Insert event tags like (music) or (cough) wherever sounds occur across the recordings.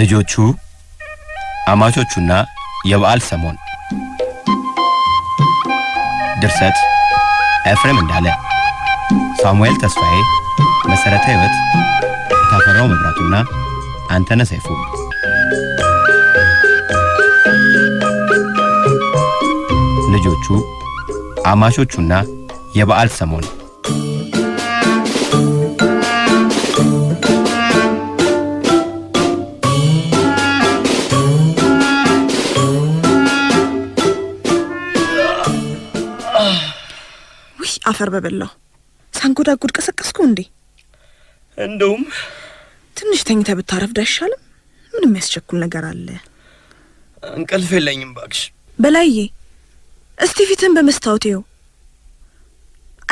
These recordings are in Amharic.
ልጆቹ፣ አማቾቹና የበዓል ሰሞን ድርሰት ኤፍሬም እንዳለ፣ ሳሙኤል ተስፋዬ፣ መሠረተ ሕይወት የታፈራው መብራቱና አንተነ ሰይፉ። ልጆቹ፣ አማቾቹና የበዓል ሰሞን አፈር በበላው ሳንጎዳጉድ ቀሰቀስኩ እንዴ? እንደውም ትንሽ ተኝተ ብታረፍድ አይሻልም? ምን የሚያስቸኩል ነገር አለ? እንቅልፍ የለኝም ባክሽ። በላዬ እስቲ ፊትን በመስታወት ይው።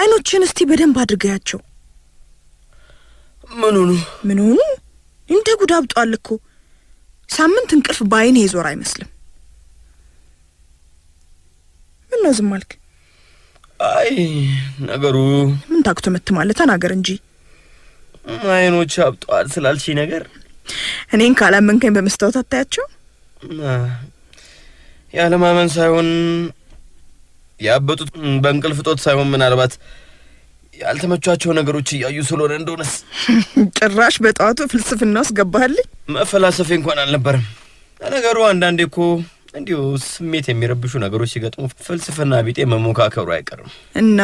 አይኖችን እስቲ በደንብ አድርገያቸው። ምን ሆኑ? ምን ሆኑ? እንደ ጉድ አብጧል እኮ። ሳምንት እንቅልፍ በአይን የዞር አይመስልም። ምን ነው ዝም አልክ? አይ ነገሩ ምን ታክቶ መት ማለት ተናገር እንጂ አይኖች አብጠዋል ስላልሽ ነገር እኔን ካላመንከኝ በመስታወት አታያቸው። ያለማመን ሳይሆን ያበጡት በእንቅልፍ ጦት ሳይሆን ምናልባት ያልተመቿቸው ነገሮች እያዩ ስለሆነ እንደሆነስ። (laughs) ጭራሽ በጠዋቱ ፍልስፍና ውስጥ ገባህልኝ። መፈላሰፌ እንኳን አልነበረም። ለነገሩ አንዳንዴ እኮ እንዲሁ ስሜት የሚረብሹ ነገሮች ሲገጥሙ ፍልስፍና ቢጤ መሞካከሩ አይቀርም እና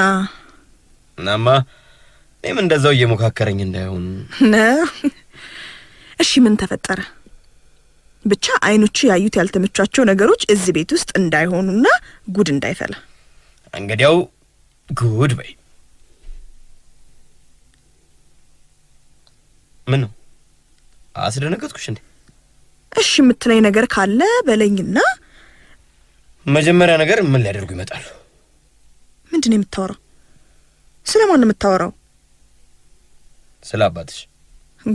እናማ እኔም እንደዛው እየሞካከረኝ እንዳይሆን ነ እሺ ምን ተፈጠረ? ብቻ አይኖቹ ያዩት ያልተመቿቸው ነገሮች እዚህ ቤት ውስጥ እንዳይሆኑና ጉድ እንዳይፈላ እንግዲያው ጉድ በይ። ምን ነው አስደነገጥኩሽ እንዴ? እሺ የምትለኝ ነገር ካለ በለኝና፣ መጀመሪያ ነገር ምን ሊያደርጉ ይመጣሉ? ምንድን ነው የምታወራው? ስለ ማን የምታወራው? ስለ አባትሽ።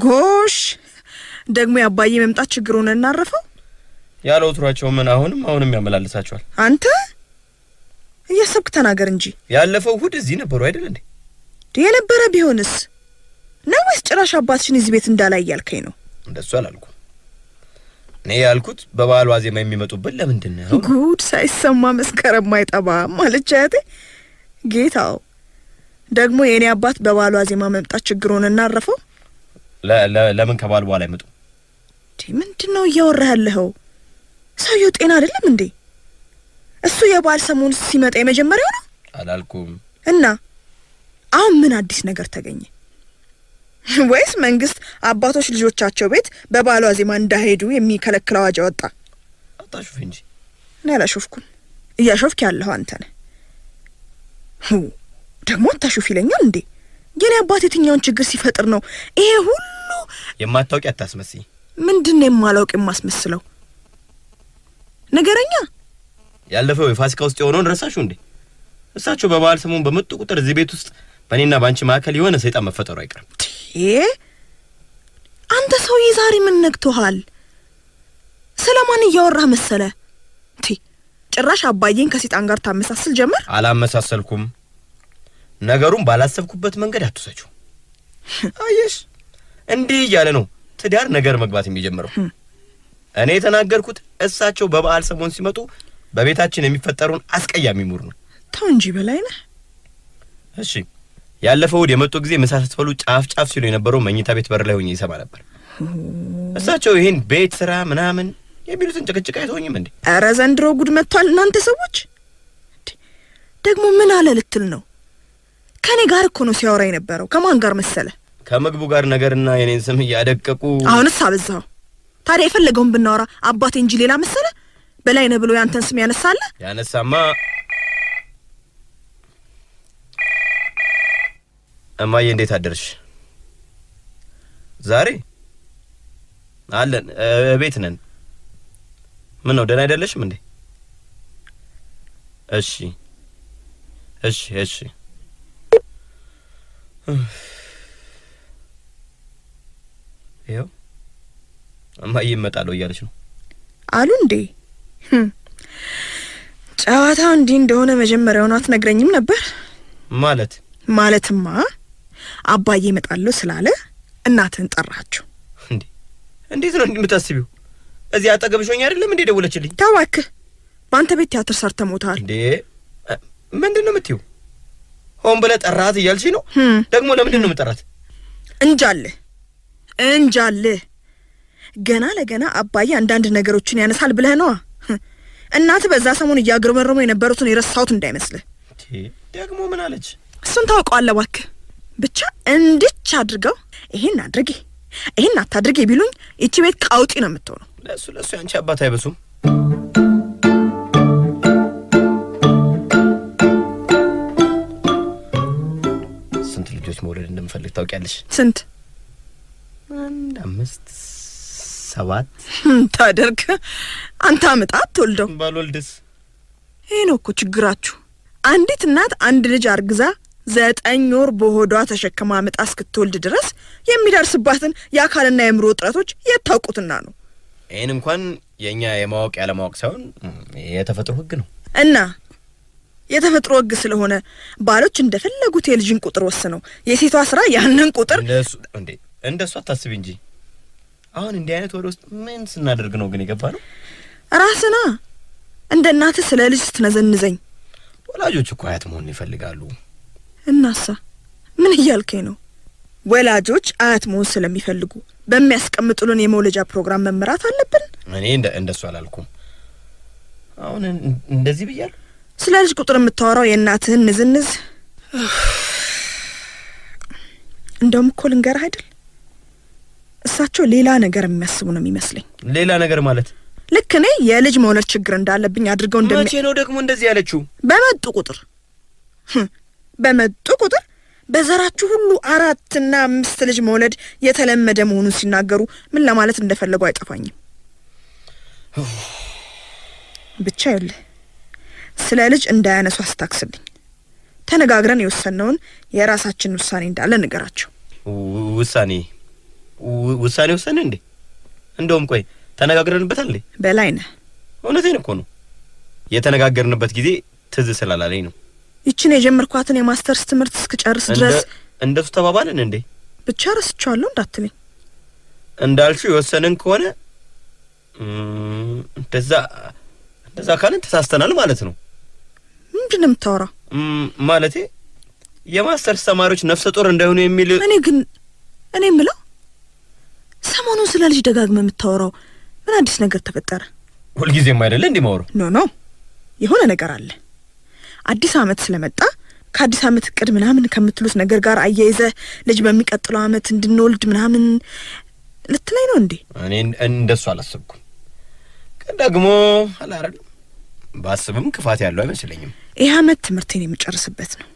ጎሽ ደግሞ የአባዬ መምጣት ችግር ሆነ እናረፈው ያለ ወትሯቸው ምን አሁንም አሁንም ያመላልሳቸዋል። አንተ እያሰብክ ተናገር እንጂ። ያለፈው እሁድ እዚህ ነበሩ አይደል እንዴ? የነበረ ቢሆንስ ነው ወይስ ጭራሽ አባትሽን እዚህ ቤት እንዳላይ እያልከኝ ነው? እንደሱ አላልኩ እኔ ያልኩት በበዓል ዋዜማ የሚመጡብን ለምንድን ነው? ጉድ ሳይሰማ መስከረም አይጠባም አለች አያቴ። ጌታው ደግሞ የእኔ አባት በበዓል ዋዜማ መምጣት ችግር ሆነ እናረፈው። ለምን ከበዓል በኋላ አይመጡም? ምንድን ነው እያወራ ያለኸው? ሰውየው ጤና አይደለም እንዴ? እሱ የበዓል ሰሞን ሲመጣ የመጀመሪያው ነው አላልኩም። እና አሁን ምን አዲስ ነገር ተገኘ? (laughs) ወይስ መንግስት አባቶች ልጆቻቸው ቤት በባሏ ዜማ እንዳይሄዱ የሚከለክል አዋጅ አወጣ? አታሹፍ እንጂ እኔ አላሾፍኩም። እያሾፍክ ያለሁ አንተ ነህ። ደግሞ አታሹፍ ይለኛል እንዴ? የኔ አባት የትኛውን ችግር ሲፈጥር ነው ይሄ ሁሉ? የማታውቂ አታስመስ። ምንድን ነው የማላውቅ የማስመስለው? ነገረኛ ያለፈው የፋሲካ ውስጥ የሆነውን ረሳሹ እንዴ? እሳቸው በበዓል ሰሞን በመጡ ቁጥር እዚህ ቤት ውስጥ በእኔና በአንቺ መካከል የሆነ ሰይጣን መፈጠሩ አይቀርም። አንተ ሰውዬ ዛሬ ምን ነግቶሃል? ስለ ማን እያወራህ መሰለ? ቲ ጭራሽ አባዬን ከሴጣን ጋር ታመሳስል ጀመር። አላመሳሰልኩም። ነገሩን ባላሰብኩበት መንገድ አትውሰችው። አየሽ፣ እንዲህ እያለ ነው ትዳር ነገር መግባት የሚጀምረው። እኔ የተናገርኩት እሳቸው በበዓል ሰሞን ሲመጡ በቤታችን የሚፈጠሩን አስቀያሚ ሙር ነው። ተው እንጂ ነህ። እሺ ያለፈው እሑድ የመጡ ጊዜ ምሳ ስትበሉ ጫፍ ጫፍ ሲሉ የነበረው መኝታ ቤት በር ላይ ሆኜ ይሰማ ነበር። እሳቸው ይህን ቤት ስራ ምናምን የሚሉትን ጭቅጭቅ አይተውኝም እንዴ? ኧረ ዘንድሮ ጉድ መጥቷል። እናንተ ሰዎች ደግሞ ምን አለ ልትል ነው? ከእኔ ጋር እኮ ነው ሲያወራ የነበረው። ከማን ጋር መሰለ? ከምግቡ ጋር ነገርና የኔን ስም እያደቀቁ አሁንስ አበዛው። ታዲያ የፈለገውን ብናወራ አባቴ እንጂ ሌላ መሰለ በላይ ነህ ብሎ ያንተን ስም ያነሳለ ያነሳማ እማዬ እንዴት አደርሽ? ዛሬ አለን እቤት ነን። ምን ነው ደህና አይደለሽም እንዴ? እሺ እሺ እሺ። ይኸው እማዬ እመጣለሁ እያለች ነው አሉ እንዴ። hm፣ ጨዋታው እንዲህ እንደሆነ መጀመሪያውኑ አትነግረኝም ነበር ማለት ማለትማ አባዬ እመጣለሁ ስላለ እናትን ጠራችሁ እንዴ? እንዴት ነው እንደምታስቢው? እዚህ አጠገብሽ ሆኜ አይደለም እንዴ ደውለችልኝ? ታዋክህ በአንተ ቤት ቲያትር ሰርተ ሞታል እንዴ? ምንድን ነው የምትይው? ሆን ብለህ ጠራት እያልሽ ነው? ደግሞ ለምንድን ነው የምጠራት? እንጃለ እንጃለ። ገና ለገና አባዬ አንዳንድ ነገሮችን ያነሳል ብለህ ነዋ። እናት በዛ ሰሞን እያግርመረሙ የነበሩትን የረሳሁት እንዳይመስልህ። ደግሞ ምን አለች? እሱን ታውቀዋለህ እባክህ ብቻ እንድች አድርገው ይሄን አድርጌ ይሄን አታድርጌ ቢሉኝ ይቺ ቤት ቃውጢ ነው የምትሆነው። ለሱ ለሱ ያንቺ አባት አይበሱም። ስንት ልጆች መውለድ እንደምፈልግ ታውቂያለሽ? ስንት? አንድ አምስት ሰባት ታደርግ። አንተ አምጣ አትወልደው። ባልወልድስ? ይህ ነው እኮ ችግራችሁ። አንዲት እናት አንድ ልጅ አርግዛ ዘጠኝ ወር በሆዷ ተሸክማ ምጣ እስክትወልድ ድረስ የሚደርስባትን የአካልና የአእምሮ ውጥረቶች የታውቁትና ነው። ይህን እንኳን የእኛ የማወቅ ያለማወቅ ሳይሆን የተፈጥሮ ህግ ነው እና የተፈጥሮ ህግ ስለሆነ ባሎች እንደፈለጉት የልጅን ቁጥር ወስነው የሴቷ ስራ ያንን ቁጥር እንዴ እንደ እሱ አታስቢ እንጂ አሁን እንዲህ አይነት ወደ ውስጥ ምን ስናደርግ ነው ግን የገባ ነው ራስና እንደ እናትህ ስለ ልጅ ስትነዘንዘኝ ወላጆች እኮ አያት መሆን ይፈልጋሉ እናሳ ምን እያልከኝ ነው? ወላጆች አያት መሆን ስለሚፈልጉ በሚያስቀምጡልን የመውለጃ ፕሮግራም መመራት አለብን። እኔ እንደሱ አላልኩም። አሁን እንደዚህ ብያል። ስለ ልጅ ቁጥር የምታወራው የእናትህን ንዝንዝ። እንደውም እኮ ልንገርህ አይደል እሳቸው ሌላ ነገር የሚያስቡ ነው የሚመስለኝ። ሌላ ነገር ማለት ልክ እኔ የልጅ መውለድ ችግር እንዳለብኝ አድርገው እንደ መቼ ነው ደግሞ እንደዚህ ያለችው? በመጡ ቁጥር በመጡ ቁጥር በዘራችሁ ሁሉ አራትና አምስት ልጅ መውለድ የተለመደ መሆኑን ሲናገሩ ምን ለማለት እንደፈለጉ አይጠፋኝም። ብቻ የለ ስለ ልጅ እንዳያነሱ አስታክስልኝ። ተነጋግረን የወሰነውን የራሳችን ውሳኔ እንዳለ ንገራቸው። ውሳኔ ውሳኔ ወሰን እንዴ? እንደውም ቆይ ተነጋግረንበታል እንዴ? በላይነህ፣ እውነቴን እኮ ነው። የተነጋገርንበት ጊዜ ትዝ ስላላለኝ ነው። ይችን የጀመርኳትን የማስተርስ ትምህርት እስክጨርስ ድረስ እንደሱ ተባባልን እንዴ? ብቻ ረስቼዋለሁ እንዳትልኝ። እንዳልሽው የወሰንን ከሆነ እንደዛ እንደዛ ካልን ተሳስተናል ማለት ነው። ምንድን ነው የምታወራው? ማለቴ የማስተርስ ተማሪዎች ነፍሰ ጡር እንዳይሆኑ የሚል እኔ ግን እኔ የምለው ሰሞኑን ስለ ልጅ ደጋግመ የምታወራው ምን አዲስ ነገር ተፈጠረ? ሁልጊዜም አይደለ እንዲህ ኖ ኖ የሆነ ነገር አለ አዲስ አመት ስለመጣ ከአዲስ አመት እቅድ ምናምን ከምትሉት ነገር ጋር አያይዘ ልጅ በሚቀጥለው ዓመት እንድንወልድ ምናምን ልትላይ ነው እንዴ? እኔ እንደሱ አላሰብኩም። ደግሞ አላረግም ባስብም ክፋት ያለው አይመስለኝም። ይህ አመት ትምህርቴን የምጨርስበት ነው።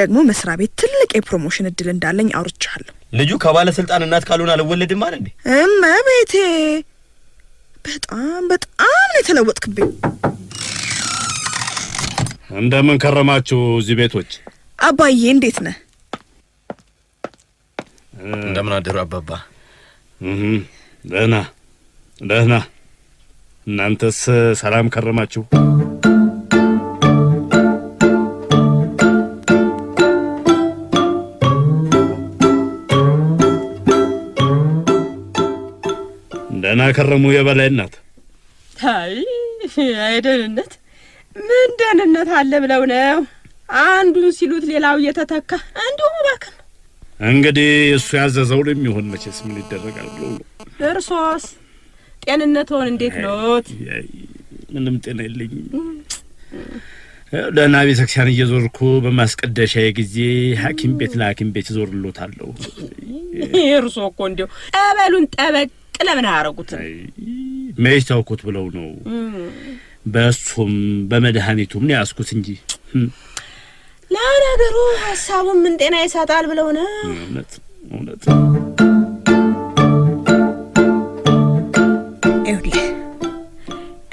ደግሞ መስሪያ ቤት ትልቅ የፕሮሞሽን እድል እንዳለኝ አውርቻለሁ። ልጁ ከባለስልጣን እናት ካልሆን አልወለድም አለ እንዴ? እመቤቴ፣ በጣም በጣም ነው የተለወጥክብኝ። እንደምን ከረማችሁ እዚህ ቤቶች። አባዬ እንዴት ነህ? እንደምን አደሩ አባባ። ደህና ደህና። እናንተስ ሰላም ከረማችሁ? ደህና ከረሙ የበላይ እናት። አይ አይደንነት ምን ደህንነት አለ ብለው ነው አንዱን ሲሉት ሌላው እየተተካ እንዲሁም እባክህ ነው እንግዲህ እሱ ያዘዘው የሚሆን መቼስ ምን ይደረጋል ብሎ እርሶስ ጤንነትዎን እንዴት ኖት ምንም ጤና የለኝም ደህና ቤተ ክርስቲያን እየዞርኩ በማስቀደሻ ጊዜ ሐኪም ቤት ለሐኪም ቤት እዞርሎታለሁ። እርሶ እኮ እንዲሁ ጠበሉን ጠበቅ ለምን አያረጉትም? መች ተውኩት ብለው ነው በሱም በመድኃኒቱም ነው ያስኩት እንጂ ለነገሩ ሀሳቡም ምን ጤና ይሳጣል ብለው ነው። እውነት እውነት። ይኸውልህ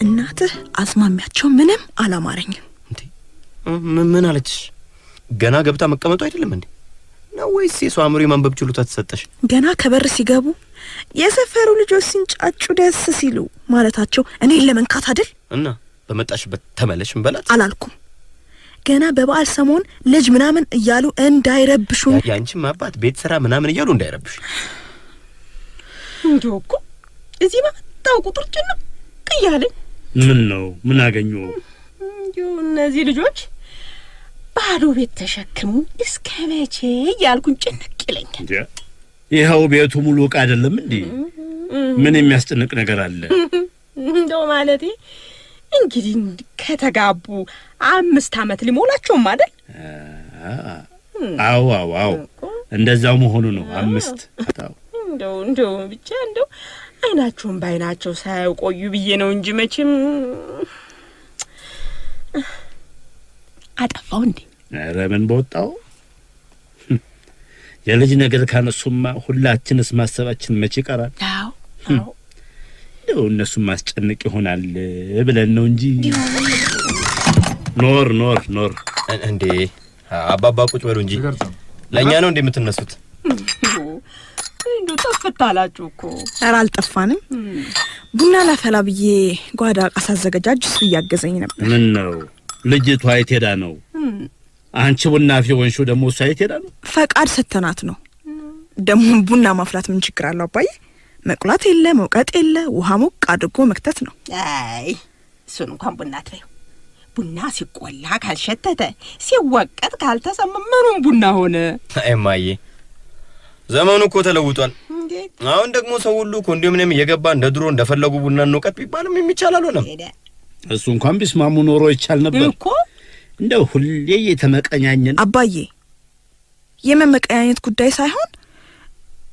እናትህ አዝማሚያቸው ምንም አላማረኝም። ምን አለችሽ? ገና ገብታ መቀመጡ አይደለም እንዴ ነው ወይስ የሰው አእምሮ የማንበብ ችሎታ ተሰጠሽ? ገና ከበር ሲገቡ የሰፈሩ ልጆች ሲንጫጩ ደስ ሲሉ ማለታቸው እኔን ለመንካት አይደል? እና በመጣሽበት ተመለሽ እንበላት አላልኩም። ገና በበዓል ሰሞን ልጅ ምናምን እያሉ እንዳይረብሹ፣ ያንቺም አባት ቤት ስራ ምናምን እያሉ እንዳይረብሹ። እንዲሁ እኮ እዚህ በመጣው ቁጥር ጭና ቅያለኝ። ምን ነው ምን አገኙ? እንዲሁ እነዚህ ልጆች ባዶ ቤት ተሸክሙ እስከ መቼ እያልኩኝ ጭንቅ ይለኛል። ይኸው ቤቱ ሙሉ ዕቃ አይደለም እንዴ? ምን የሚያስጨንቅ ነገር አለ? እንደው ማለቴ እንግዲህ ከተጋቡ አምስት ዓመት ሊሞላቸውም አይደል? አዎ አዎ አዎ፣ እንደዛው መሆኑ ነው። አምስት እንደው እንደው ብቻ እንደው አይናቸውን በአይናቸው ቆዩ ብዬ ነው እንጂ መቼም አጠፋው እንዴ? ኧረ ምን በወጣው የልጅ ነገር ካነሱማ ሁላችንስ ማሰባችን መቼ ይቀራል? አዎ አዎ እነሱን ማስጨነቅ ይሆናል ብለን ነው እንጂ ኖር ኖር ኖር። እንዴ አባባ ቁጭ በሉ እንጂ ለእኛ ነው እንዴ የምትነሱት? እንዶ ጠፍታላችሁ እኮ። ኧረ አልጠፋንም። ቡና ላፈላ ብዬ ጓዳ ዕቃ ሳዘገጃጅ እሱ እያገዘኝ ነበር። ምን ነው ልጅቷ የት ሄዳ ነው? አንቺ ቡና አፍዬ ወንሹ ደግሞ እሷ የት ሄዳ ነው? ፈቃድ ሰተናት ነው። ደግሞ ቡና ማፍላት ምን ችግር አለው አባዬ? መቁላት የለ መውቀጥ የለ ውሃ ሞቅ አድርጎ መክተት ነው። አይ እሱን እንኳን ቡና ትበይው። ቡና ሲቆላ ካልሸተተ ሲወቀጥ ካልተሰማ ምኑም ቡና ሆነ? እማዬ ዘመኑ እኮ ተለውጧል። አሁን ደግሞ ሰው ሁሉ ኮንዶሚኒየም እየገባ እንደ ድሮ እንደፈለጉ ቡና እንውቀት ቢባልም የሚቻል አልሆነም። እሱ እንኳን ቢስማሙ ኖሮ ይቻል ነበር እኮ እንደ ሁሌ የተመቀኛኝን አባዬ የመመቀኛኘት ጉዳይ ሳይሆን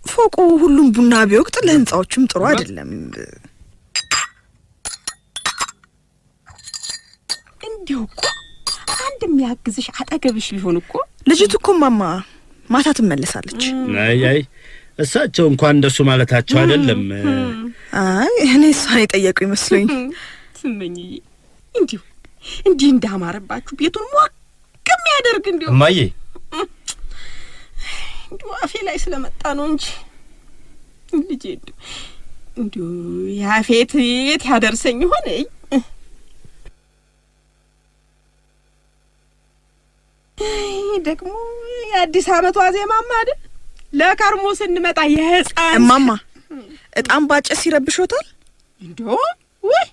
ፎቁ ሁሉም ቡና ቢወቅጥ ለህንፃዎችም ጥሩ አይደለም። እንዲሁ እኮ አንድ የሚያግዝሽ አጠገብሽ ቢሆን እኮ። ልጅቱ እኮ ማማ ማታ ትመለሳለች። አይ አይ እሳቸው እንኳን እንደሱ ማለታቸው አይደለም። አይ እኔ እሷን የጠየቁ ይመስሉኝ። ትመኝዬ እንዲሁ እንዲህ እንዳማረባችሁ ቤቱን ሞቅ የሚያደርግ እንዲሁ እማዬ እንዲሁ አፌ ላይ ስለመጣ ነው እንጂ ልጄ እንዲሁ እንዲሁ የአፌት የት ያደርሰኝ ሆነ። ደግሞ የአዲስ አመቷ ዜማማ አይደል? ለከርሞ ስንመጣ የህፃን እማማ እጣም ባጭስ ይረብሾታል። እንዲሁ ወይ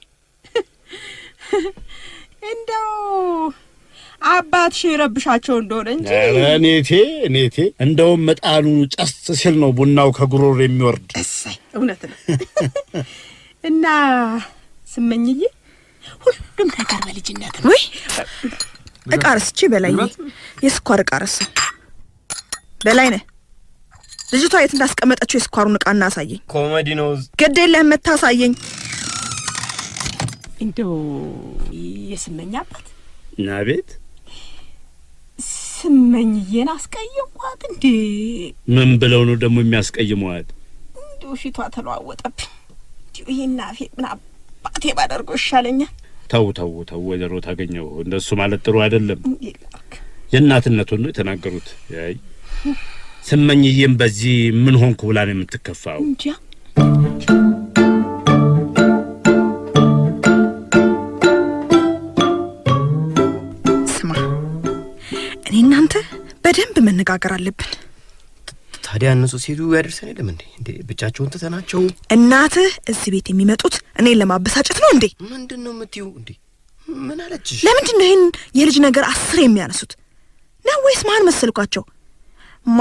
እንደው አባትሽ ይረብሻቸው እንደሆነ እንጂ እኔቴ እኔቴ እንደውም መጣኑ ጨስ ሲል ነው ቡናው ከጉሮር የሚወርድ። እሰይ እውነት ነው። (laughs) እና ስመኝዬ ሁሉም ነገር በልጅነት ነው። ወይ እቃ ረስቼ በላይ የስኳር እቃ ረሳሁ። በላይ ነህ ልጅቷ የት እንዳስቀመጠችው የስኳሩን እቃ እናሳየኝ። ኮሜዲ ነው። ግድ የለህም የምታሳየኝ። እንደው የስመኝ አባት ናቤት ስመኝዬን አስቀየሟት እንዴ? ምን ብለው ነው ደግሞ የሚያስቀይሟት? እንዲሁ ፊቷ ተለዋወጠብኝ። እንዲሁ ይህና ፌ ምን አባቴ ባደርጎ ይሻለኛል። ተው ተው ተው ወይዘሮ ታገኘው፣ እንደሱ ማለት ጥሩ አይደለም። የእናትነቱን ነው የተናገሩት። ስመኝዬም በዚህ ምን ሆንኩ ብላ ነው የምትከፋው እንጂ በደንብ መነጋገር አለብን። ታዲያ እነሱ ሲሄዱ ያደርሰን የለም እንዴ? እንዴ ብቻቸውን ትተናቸው? እናትህ እዚህ ቤት የሚመጡት እኔን ለማበሳጨት ነው እንዴ? ምንድን ነው የምትይው? እንዴ ምን አለችሽ? ለምንድን ነው ይህን የልጅ ነገር አስር የሚያነሱት ነው? ወይስ መሀን መሰልኳቸው?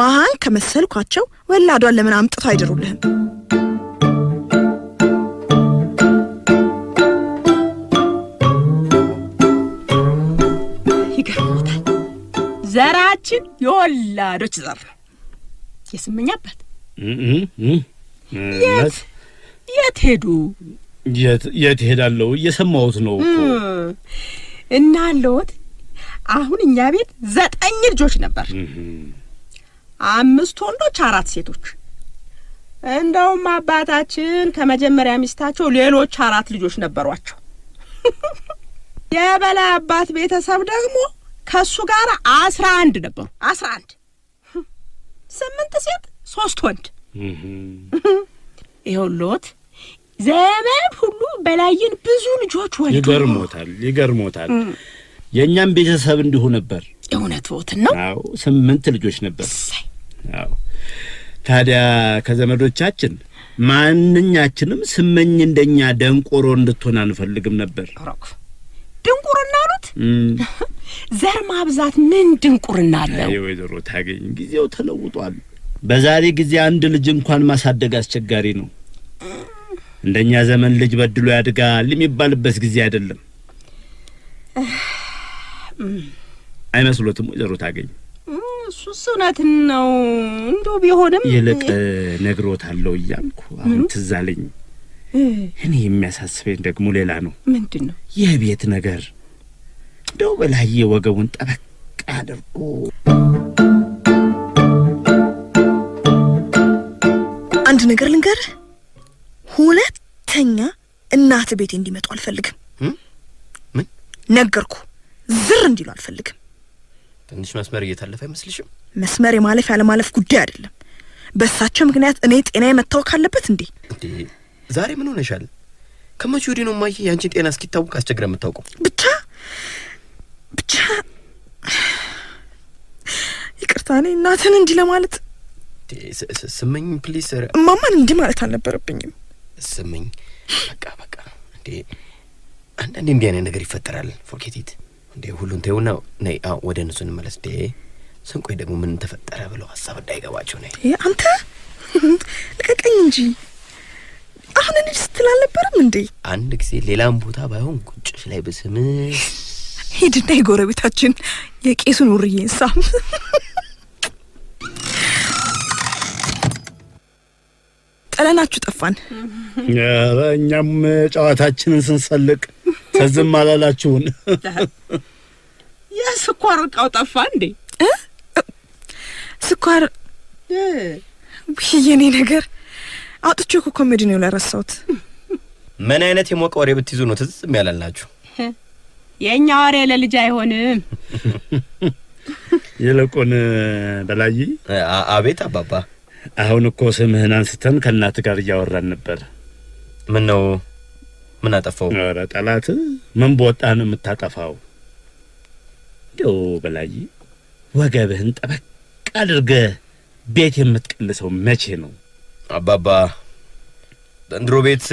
መሀን ከመሰልኳቸው ወላዷን ለምን አምጥቶ አይደሩልህም? አባታችን የወላዶች ዘር የስመኝ አባት የት የት ሄዱ? የት ሄዳለሁ? እየሰማሁት ነው እና አለዎት። አሁን እኛ ቤት ዘጠኝ ልጆች ነበር፣ አምስት ወንዶች፣ አራት ሴቶች። እንደውም አባታችን ከመጀመሪያ ሚስታቸው ሌሎች አራት ልጆች ነበሯቸው። (laughs) የበላይ አባት ቤተሰብ ደግሞ ከእሱ ጋር አስራ አንድ ነበሩ። አስራ አንድ ስምንት ሴት ሶስት ወንድ ይኸውልዎት ዘመን ሁሉ በላይን ብዙ ልጆች ወልዱ። ይገርሞታል ይገርሞታል። የእኛም ቤተሰብ እንዲሁ ነበር። እውነት ቦትን ነው? አዎ ስምንት ልጆች ነበር። አዎ ታዲያ ከዘመዶቻችን ማንኛችንም ስመኝ እንደኛ ደንቆሮ እንድትሆን አንፈልግም ነበር። (laughs) ዘር ማብዛት ምን ድንቁርና አለው? ወይዘሮ ታገኝ ጊዜው ተለውጧል። በዛሬ ጊዜ አንድ ልጅ እንኳን ማሳደግ አስቸጋሪ ነው። እንደኛ ዘመን ልጅ በድሎ ያድጋል የሚባልበት ጊዜ አይደለም። አይመስሎትም ወይዘሮ ታገኝ? እሱስ እውነትን ነው እንዶ ቢሆንም ይልቅ ነግሮታለሁ እያልኩ አሁን ትዝ አለኝ። እኔ የሚያሳስበኝ ደግሞ ሌላ ነው። ምንድን ነው? የቤት ነገር እንደው በላዬ ወገቡን ጠበቅ አድርጎ አንድ ነገር ልንገር ሁለተኛ እናት ቤቴ እንዲመጡ አልፈልግም። ምን ነገርኩ? ዝር እንዲሉ አልፈልግም። ትንሽ መስመር እየታለፈ አይመስልሽም? መስመር የማለፍ ያለማለፍ ጉዳይ አይደለም። በእሳቸው ምክንያት እኔ ጤና መታወክ አለበት እንዴ? ዛሬ ምን ሆነሻል? ከመቼ ወዲህ ነው እማዬ የአንቺን ጤና እስኪታወቅ አስቸግረ የምታውቀው? ብቻ ብቻ ይቅርታ፣ እኔ እናትን እንዲህ ለማለት ስመኝ፣ ፕሊስ። እማማን እንዲህ ማለት አልነበረብኝም። ስመኝ፣ በቃ በቃ። እንዴ አንዳንዴ እንዲህ አይነት ነገር ይፈጠራል። ፎርኬቲት እንዴ ሁሉን ተውና ነይ ወደ እነሱ እንመለስ። እንዴ ስንቆይ ደግሞ ምን ተፈጠረ ብለው ሀሳብ እንዳይገባቸው ነ አንተ ልቀቀኝ እንጂ አሁን ልጅ ስትል አልነበረም እንዴ? አንድ ጊዜ ሌላም ቦታ ባይሆን ቁጭ ላይ ብስምስ ሂድና የጎረቤታችን የቄሱን ውርዬ እንሳም። ጠለናችሁ ጠፋን። እኛም ጨዋታችንን ስንሰልቅ ተዝም አላላችሁን። የስኳር እቃው ጠፋ እንዴ? ስኳር የኔ ነገር አውጥቼ እኮ ኮሜዲ ነው ያረሳሁት። ምን አይነት የሞቀ ወሬ ብትይዙ ነው ትዝም ያላልናችሁ? የእኛ ወሬ ለልጅ አይሆንም። ይልቁን በላይ። አቤት አባባ። አሁን እኮ ስምህን አንስተን ከእናት ጋር እያወራን ነበር። ምን ነው? ምን አጠፋው? ኧረ ጠላት፣ ምን በወጣ ነው የምታጠፋው? እንዲያው በላይ ወገብህን ጠበቅ አድርገህ ቤት የምትቀልሰው መቼ ነው? አባባ ዘንድሮ ቤት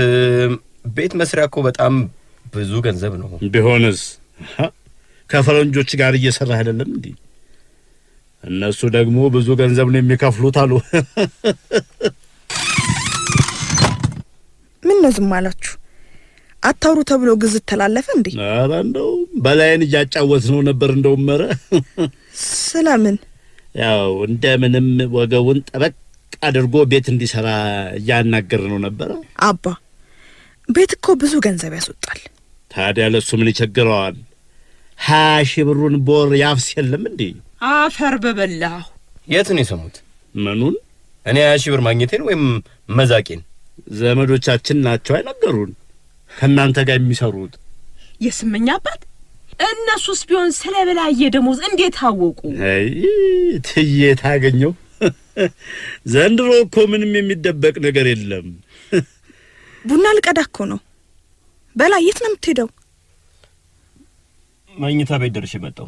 ቤት መስሪያ እኮ በጣም ብዙ ገንዘብ ነው። ቢሆንስ ከፈረንጆች ጋር እየሰራ አይደለም እንዴ? እነሱ ደግሞ ብዙ ገንዘብ ነው የሚከፍሉት አሉ። (laughs) ምን ነው ዝም አላችሁ? አታውሩ ተብሎ ግዝት ተላለፈ እንዴ? ኧረ እንደው በላይን እያጫወት ነው ነበር። እንደው መረ (laughs) ስለምን ያው እንደምንም ወገቡን ጠበቅ አድርጎ ቤት እንዲሰራ እያናገር ነው ነበረ። አባ ቤት እኮ ብዙ ገንዘብ ያስወጣል። ታዲያ ለሱ ምን ይቸግረዋል? ሀያ ሺህ ብሩን ቦር ያፍስ የለም እንዴ? አፈር በበላሁ። ነው የሰሙት ምኑን? እኔ ሀያ ሺህ ብር ማግኘቴን ወይም መዛቄን ዘመዶቻችን ናቸው አይነገሩን ከእናንተ ጋር የሚሰሩት የስመኛ አባት። እነሱስ ቢሆን ስለ በላዬ ደሞዝ እንዴት አወቁ? አይ ትዬ ታገኘው። ዘንድሮ እኮ ምንም የሚደበቅ ነገር የለም። ቡና ልቀዳ እኮ ነው። በላ የት ነው የምትሄደው? መኝታ ቤት ደርሼ መጣሁ።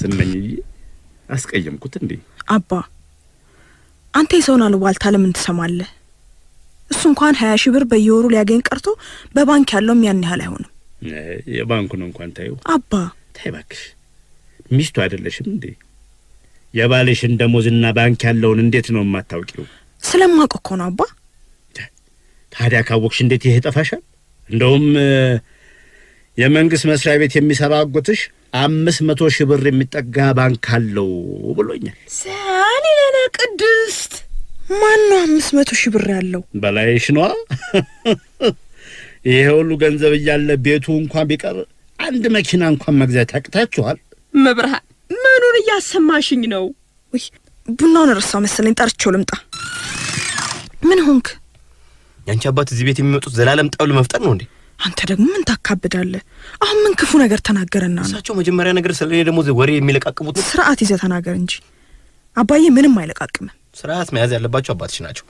ስመኝዬ አስቀየምኩት እንዴ? አባ አንተ የሰውን አልዋልታ ለምን ትሰማለህ? እሱ እንኳን ሀያ ሺህ ብር በየወሩ ሊያገኝ ቀርቶ በባንክ ያለውም ያን ያህል አይሆንም። የባንኩን እንኳን ታየው አባ። ታይ እባክሽ፣ ሚስቱ አይደለሽም እንዴ? የባልሽን ደሞዝና ባንክ ያለውን እንዴት ነው የማታውቂው? ስለማውቅ እኮ ነው አባ ታዲያ ካወቅሽ እንዴት ይሄ ጠፋሻል? እንደውም የመንግሥት መስሪያ ቤት የሚሰራ አጎትሽ አምስት መቶ ሺህ ብር የሚጠጋ ባንክ አለው ብሎኛል። ሳኒ ለና ቅድስት ነው አምስት መቶ ሺህ ብር ያለው? በላይሽ ነዋ። ይሄ ሁሉ ገንዘብ እያለ ቤቱ እንኳን ቢቀር አንድ መኪና እንኳን መግዛት ያቅታችኋል። መብርሃን ምኑን እያሰማሽኝ ነው? ወይ ቡናውን ረሳው መሰለኝ፣ ጠርቼው ልምጣ። ምን ሆንክ? ያንቺ አባት እዚህ ቤት የሚመጡት ዘላለም ጠብል መፍጠር ነው እንዴ? አንተ ደግሞ ምን ታካብዳለህ? አሁን ምን ክፉ ነገር ተናገረና ነው እሳቸው መጀመሪያ ነገር ስለኔ ደግሞ ወሬ የሚለቃቅሙት? ስርዓት ይዘህ ተናገር እንጂ አባዬ ምንም አይለቃቅምም። ስርዓት መያዝ ያለባቸው አባትሽ ናቸው።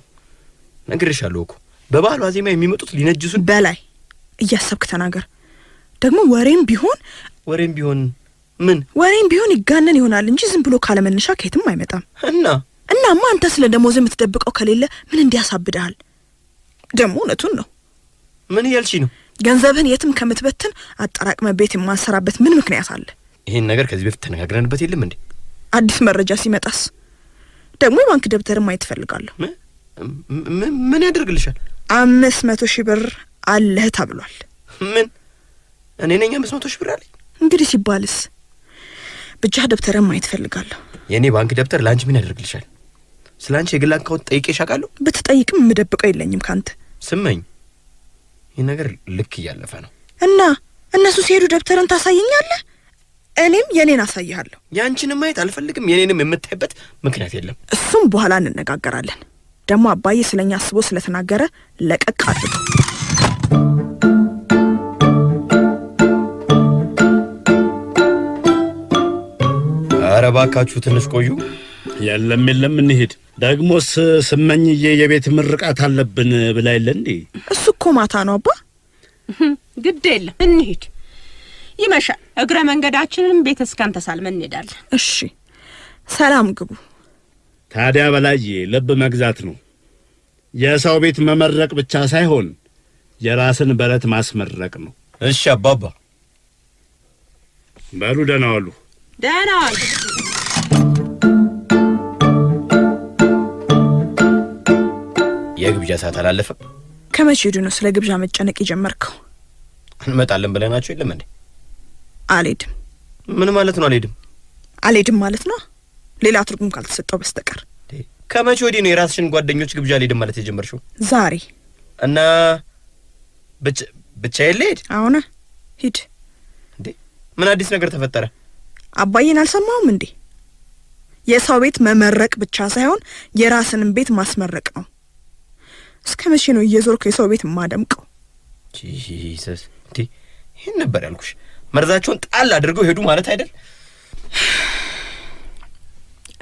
ነግሬሻለሁ እኮ በባህሉ አዜማ የሚመጡት ሊነጅሱን። በላይ እያሰብክ ተናገር ደግሞ። ወሬም ቢሆን ወሬም ቢሆን ምን ወሬም ቢሆን ይጋነን ይሆናል እንጂ ዝም ብሎ ካለመነሻ ከየትም አይመጣም። እና እናማ አንተ ስለ ደሞዝ የምትደብቀው ከሌለ ምን እንዲያሳብድሃል? ደግሞ እውነቱን ነው። ምን እያልሽ ነው? ገንዘብህን የትም ከምትበትን አጠራቅመ ቤት የማንሰራበት ምን ምክንያት አለ? ይህን ነገር ከዚህ በፊት ተነጋግረንበት የለም እንዴ? አዲስ መረጃ ሲመጣስ ደግሞ የባንክ ደብተር ማየት እፈልጋለሁ። ምን ያደርግልሻል? አምስት መቶ ሺህ ብር አለህ ተብሏል። ምን እኔ ነኝ አምስት መቶ ሺህ ብር አለኝ? እንግዲህ ሲባልስ ብቻ ደብተር ማየት እፈልጋለሁ። የእኔ ባንክ ደብተር ለአንቺ ምን ያደርግልሻል? ስለ አንቺ የግል አካውንት ጠይቄሽ አውቃለሁ? ብትጠይቅም የምደብቀው የለኝም ከአንተ ስመኝ ይህ ነገር ልክ እያለፈ ነው እና እነሱ ሲሄዱ ደብተርን ታሳየኛለህ፣ እኔም የኔን አሳይሃለሁ። የአንቺንም ማየት አልፈልግም፣ የኔንም የምታይበት ምክንያት የለም። እሱም በኋላ እንነጋገራለን። ደግሞ አባዬ ስለኛ አስቦ ስለተናገረ ለቀቅ አድርገው። ኧረ እባካችሁ ትንሽ ቆዩ። የለም የለም፣ እንሄድ። ደግሞስ ስመኝዬ የቤት ምርቃት አለብን ብላ የለ እንዴ? እሱ እኮ ማታ ነው አባ። (laughs) ግድ የለም እንሄድ። ይመሻል። እግረ መንገዳችንን ቤተ እስካን ተሳልመን እንሄዳለን። እሺ፣ ሰላም ግቡ። ታዲያ በላዬ ልብ መግዛት ነው የሰው ቤት መመረቅ ብቻ ሳይሆን የራስን በረት ማስመረቅ ነው። እሺ አባባ። በሉ ደህና ዋሉ። ደህና ዋሉ። የግብዣ ሰዓት አላለፈም? ከመቼ ሄዱ ነው ስለ ግብዣ መጨነቅ የጀመርከው? እንመጣለን ብለናቸው የለም እንዴ? አልሄድም። ምን ማለት ነው አልሄድም? አልሄድም ማለት ነው ሌላ ትርጉም ካልተሰጠው በስተቀር። ከመቼ ወዲህ ነው የራስሽን ጓደኞች ግብዣ አልሄድም ማለት የጀመርሽው? ዛሬ እና ብቻዬን ልሄድ? አሁነ ሂድ። እንዴ ምን አዲስ ነገር ተፈጠረ? አባዬን አልሰማውም እንዴ? የሰው ቤት መመረቅ ብቻ ሳይሆን የራስንም ቤት ማስመረቅ ነው። እስከ መቼ ነው እየዞርኩ የሰው ቤት የማደምቀው? ጂሰስ እንዴ! ይህን ነበር ያልኩሽ። መርዛቸውን ጣል አድርገው ሄዱ ማለት አይደል?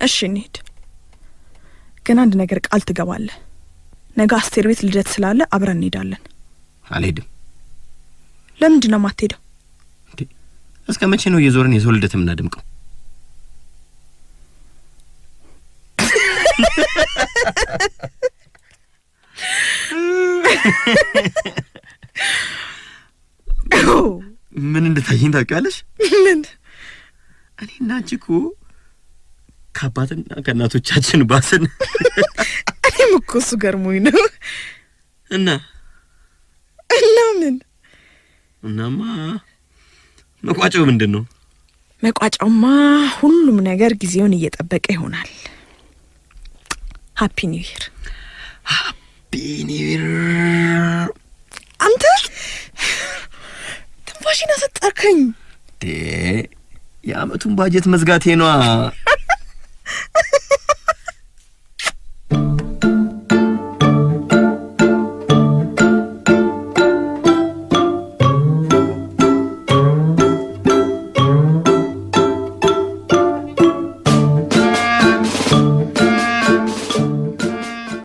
እሺ እንሂድ፣ ግን አንድ ነገር ቃል ትገባለህ። ነገ አስቴር ቤት ልደት ስላለ አብረን እንሄዳለን። አልሄድም። ለምንድን ነው የማትሄደው? እስከ መቼ ነው እየዞርን የሰው ልደት የምናደምቀው? (laughs) ምን እንደታየኝ ታውቂያለሽ? ምን? እኔ እና አንቺ እኮ ከአባትና ከእናቶቻችን ባስን። እኔም እኮ እሱ ገርሞኝ ነው። እና እና ምን? እናማ መቋጫው ምንድን ነው? መቋጫውማ ሁሉም ነገር ጊዜውን እየጠበቀ ይሆናል። ሃፒ ኒው ይር ቢኒር አንተ ትንፋሽን አሰጠርከኝ። የአመቱን ባጀት መዝጋቴ ነዋ። (laughs)